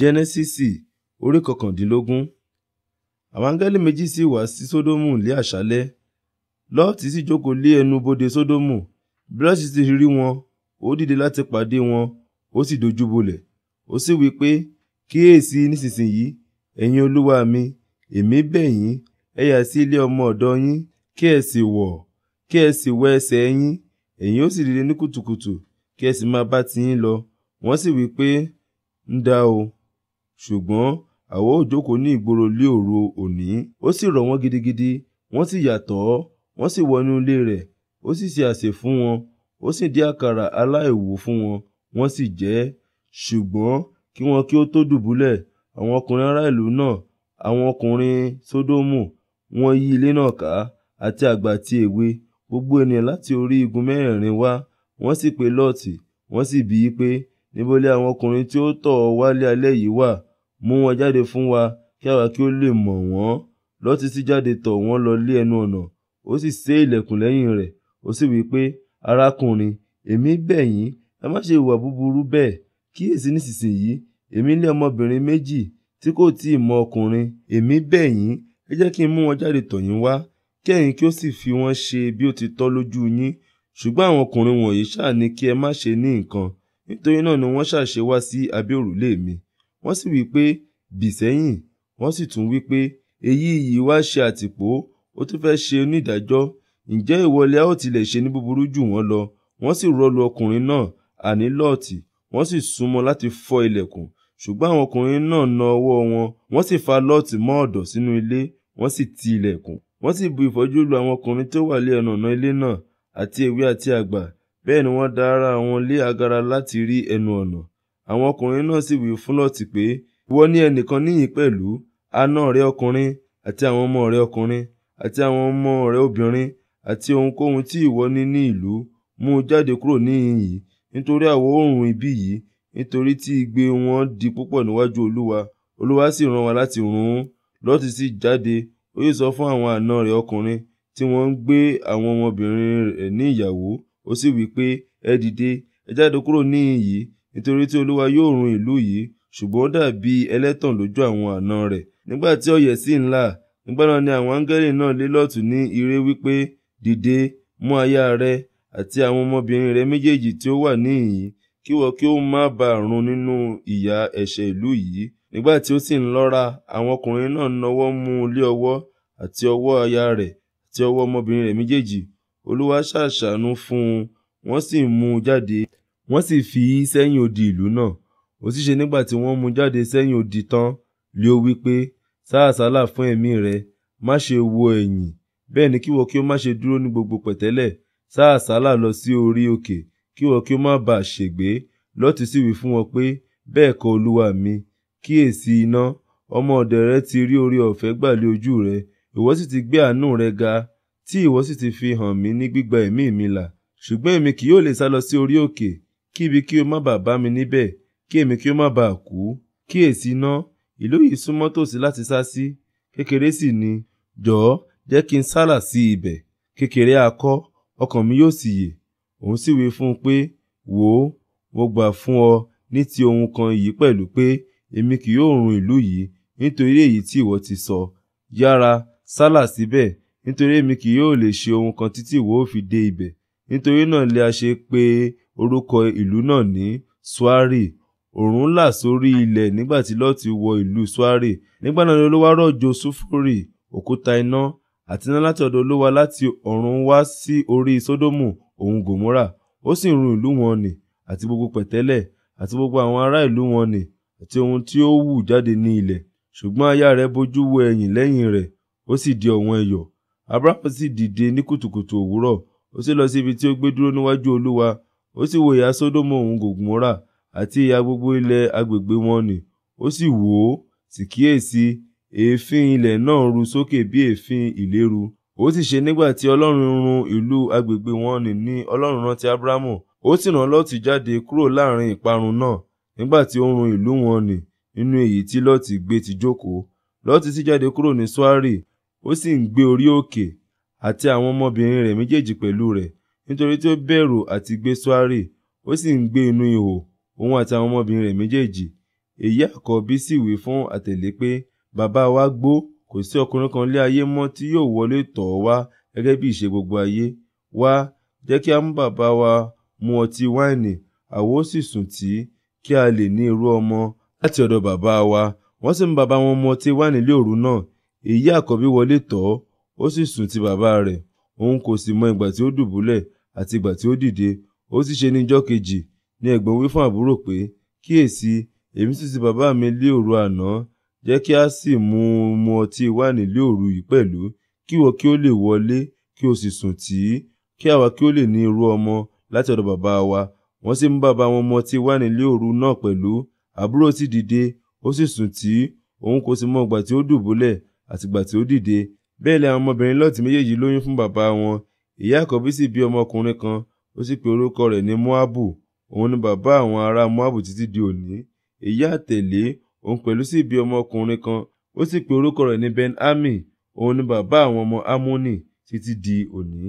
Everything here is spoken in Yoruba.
jẹ́nẹ́sísì orí kọkàndínlógún àwọn áńgẹ́lì méjì sì wá sí sódómù ní àṣálẹ́ lọ́ọ̀tì sì jókòó lé ẹnu bodè sódómù bí lọ́ọ̀tì sì rí wọn ó dìde láti pàdé wọn ó sì dojúbolẹ̀ ó sì wí pé kíyèsí nísinsìnyí ẹ̀yin olúwa mi èmi bẹ̀ yín ẹ yà sí ilé ọmọ ọ̀dọ̀ yín kí ẹ sì wọ̀ kí ẹ sì wẹ ẹsẹ̀ yín ẹ̀yin ó sì dìde ní kùtùkùtù kí ẹ sì máa bá tiyín lọ wọ́n sì wí pé ń dá o ṣùgbọ́n àwa ò jókòó ní ìgboro lé òru òní. ó sì rọ̀ wọ́n gidigidi wọ́n sì yàtọ̀ wọ́n sì wọnú ilé rẹ̀ ó sì ṣe àsè fún wọn ó sì dín àkàrà aláìwú fún wọn wọ́n sì jẹ ẹ́ ṣùgbọ́n kí wọn kí ó tó dùbúlẹ̀ àwọn ọkùnrin ará ìlú náà àwọn ọkùnrin sódómù wọ́n yí ilé náà ká àti àgbà àti èwe gbogbo ènìyàn láti orí igun mẹ́rẹ̀ẹ̀rin wá wọ́n sì pe lọ́ọ̀tì wọ́n sì bí i pé níbo lé àwọn ọkùnrin tí ó tọ̀ ọ́ wálé alẹ́ yìí wà mú wọn jáde fún wa kí àwa kí ó lè mọ̀ wọ́n lọ́tí sì jáde tọ̀ wọ́n lọ lé ẹnu ọ̀nà ó sì sé ilẹ̀kùn lẹ́yìn rẹ̀ ó sì wí pé arákùnrin èmi bẹ̀ yín ẹ má ṣe ìwà búburú bẹ́ẹ̀ kíyèsí nísinsìnyí èmi ní ọmọbìnrin méjì tí kò tí ì mọ ọkùnrin èmi bẹ̀ yín ẹ jẹ́ kí n mú wọn jáde tọ̀ yín wá kẹ́yìn kí ó sì fi wọ́n ṣe bí ó ti tọ́ lójú yín ṣùgbọ́n àwọn ọkùnrin wọ̀nyí ṣáà ní kí ẹ má ṣe ní nǹkan nítorí náà ni wọ́n ṣàṣe sí abẹ́ òrùlé mi wọ́n sì wí pé bì sẹ́yìn wọ́n sì tún wí pé èyí yìí wá ṣe àtìpó ó tún fẹ́ ṣe onídàájọ́ ǹjẹ́ ìwọ lè a ó tilẹ̀ ṣe ní búburú jù wọ́n lọ wọ́n sì rọlù ọkùnrin náà àní lọ́ọ̀tì wọ́n sì súnmọ́ láti fọ́ ilẹ̀kùn ṣùgbọ́n àwọn ọkùnrin náà na ọwọ́ wọn wọ́n sì fa lọ́ọ̀tì mọ́ ọ̀dọ̀ sínú ilé wọ́n sì ti ilẹ̀kùn wọ́n sì bu ìfọ́jú lu àwọn ọkùnrin tó wà lé ẹnu ọ̀nà ilé náà àti èwe àti àgbà bẹ́ẹ̀ ni wọ́n dá wọn lé agara láti rí ẹnu ọ̀nà àwọn ọkùnrin náà sì wí fún lọ́ọ̀tì pé ìwọ ní ẹnìkan níyìn pẹ̀lú àna rẹ ọkùnrin àti àwọn ọmọ rẹ ọkùnrin àti àwọn ọmọ rẹ obìnrin àti ohunkóhun tí ìwọ ní ní ìlú mú jáde kúrò níhìn yìí nítorí àwọ̀ oòrùn ibí yìí nítorí tí igbe wọn di púpọ̀ níwájú olúwa olúwa sì rán wa láti run ún lọ́ọ̀tì sì jáde ó sì sọ fún àwọn àna rẹ̀ ọkùnrin tí wọ́n ń gbé àwọn ọmọbìnrin rẹ̀ ní ìyàwó ó sì wí pé ẹ dìde ẹ jáde kúrò níhìn yìí nítorí tí olúwa yóò run ìlú yìí ṣùgbọ́n ó dàbí ẹlẹ́tàn lójú àwọn àna rẹ̀ nígbà tí ọ̀yẹ̀ sì ń là nígbà náà ni àwọn áńgẹ́lì náà lé lọ́ọ̀tù ní ire wípé dìde mú aya rẹ àti àwọn ọmọbìnrin rẹ méjèèjì tí ó wà níhìn-ín kí wọ́n kí ó má bàa run nínú ìyà ẹ̀ṣẹ̀ ìlú yìí nígbà tí ó sì ń lọ́ra àwọn ọkùnrin náà nawọ́ mú un lé ọwọ́ àti ọwọ́ aya rẹ̀ àti ọwọ́ ọmọbìnrin rẹ̀ méjèèjì olúwa ṣàṣàánú fún un wọ́n sì mú un jáde wọ́n sì fi í sẹ́yìn odi ìlú náà ó sì ṣe nígbà tí wọ́n mú jáde sẹ́yìn odi tán lé ó wí pé sá àsálà fún ẹ̀mí rẹ má ṣe wo ẹ̀yìn bẹ́ẹ̀ ni kíwọ kí ó má ṣe dúró ní gbogbo pẹ̀tẹ́lẹ̀ sá àsálà lọ sí orí òkè kíwọ kí ó má bàa ṣègbé lọ́tì sì wí fún wọn pé bẹ́ẹ̀ kọ́ olúwa mi kíyèsí iná ọmọ ọ̀dọ̀ rẹ ti rí orí ọ̀fẹ́ gbà lé ojú rẹ ìwọ sì ti gbé àánú rẹ ga tí ìwọ sì ti fi hàn mí ní gbígba ẹ̀mí mi là ṣùgbọ́n èmi kì yóò lè sá lọ sí orí òkè kíbi kí o má bàa bá mi níbẹ̀ kí èmi kí o má bàa kú kíyèsí ná ìlú yìí súnmọ́ tòsí láti sá sí kékeré sì ni jọ̀ọ́ jẹ́ kí n sálà sí ibẹ̀ kékeré akọ́ ọkàn mi yóò sì yè òun sì wí fún un pé wò ó mo gbà fún ọ ní ti ohun kan yìí pẹ̀lú pé èmi kì yóò run ìlú yìí nítorí èyí tí ìwọ ti sọ yára sálà síbẹ̀ nítorí èmi kì yóò lè ṣe ohun kan títí ìwọ ò fi dé ibẹ̀ nítorí náà lè a ṣe pé orúkọ ìlú náà ní swari oòrùn là sórí ilẹ̀ nígbà tí lọ́ọ̀tì wọ ìlú swari nígbà náà ni olúwa rọ̀jò sulfuri òkúta iná àti iná láti ọ̀dọ̀ olúwa láti ọ̀run wá sí orí sódómù òun gòmórà ó sì run ìlú wọn nì àti gbogbo pẹ̀tẹ́lẹ̀ àti gbogbo àwọn ará ìlú wọn nì àti ohun tí ó wù jáde ní ilẹ̀ ṣùgbọ́n aya rẹ̀ bojú wo ẹ̀yìn lẹ́yìn rẹ̀ ó sì di ọ̀wọ́n ẹyọ̀ abrahamu sì dìde ní kùtùkùtù òwúrọ̀ ó sì lọ sí ibi tí ó gbé dúró níwájú olúwa ó sì wo ìhà sódómù òun gògóńrà àti ìhà gbogbo ilẹ̀ agbègbè wọn nì ó sì wò ó sì kíyèsí èéfín ilẹ̀ náà ru sókè bí èéfín ìléru ó sì ṣe nígbà tí ọlọ́run run ìlú agbègbè wọn nì ní ọlọ́run rántí ábúrámù ó sì rán lọ́ọ̀tì jáde kúrò láàrin ìparun náà nígbà tí ó run ìlú wọn nì nínú èyí tí lọ́ọ̀tì gbé ti jókòó lọ́ọ̀tì sì jáde kúrò ní swari ó sì ń gbé orí òkè àti àwọn ọmọbìnrin rẹ̀ méjèèjì pẹ̀lú rẹ̀ nítorí tí ó bẹ̀rù àti gbé ṣọ́árì ó sì ń gbé inú ihò òun àtàwọn ọmọbìnrin rẹ̀ méjèèjì èyí àkọ́bí sì wí fún àtẹ̀lé pé bàbá wa gbó kò sí ọkùnrin kan lé ayé mọ́ tí yóò wọlé tọ̀ ọ́ wá gẹ́gẹ́ bí ìṣe gbogbo ayé wá jẹ́ kí a mú bàbá wa mu ọtí wáìnì àwo sì sùn tí kí a lè ní irú ọmọ láti ọ̀dọ̀ bàbá wa wọ́n sì mú bàbá wọn mu ọtí wáìnì lé òru náà èyí àkọ́bí wọlé tọ̀ ọ́ ó sì sùn ti bàbá rẹ̀ òun kò sì mọ ìgbà tí ó dùbúlẹ̀ àti ìgbà tí ó dìde ó sì ṣe ní ijọ́ kejì ni ẹ̀gbọ́n wí fún àbúrò pé kíyèsí èmi sì ti bàbá mi lé òru àná jẹ́ kí a sì mú mu ọtí wáìnì lé òru yìí pẹ̀lú kí ìwọ kí ó lè wọlé kí o sì sùn tì í kí àwa kí ó lè ní irú ọmọ láti ọ̀dọ̀ bàbá wa wọ́n sì mú bàbá wọn mu ọtí wáìnì lé òru náà pẹ̀lú àbúrò sì dìde ó sì sùn tì í òun kò sì mọ ìgbà tí ó dùbúlẹ̀ àtìgbà tí ó dìde bẹ́ẹ̀ lẹ́ àwọn ọmọbìnrin lọ́ọ̀tì méjèèjì lóyún fún bàbá wọn ìyá àkọ́bí sì bí ọmọkùnrin kan ó sì pe orúkọ rẹ̀ ní móábù òun ni bàbá àwọn ará móábù títí di òní èyí àtẹ̀lé òun pẹ̀lú sì bí ọmọkùnrin kan ó sì pe orúkọ rẹ̀ ní ben-ami òun ni bàbá àwọn ọmọ ammoni títí di òní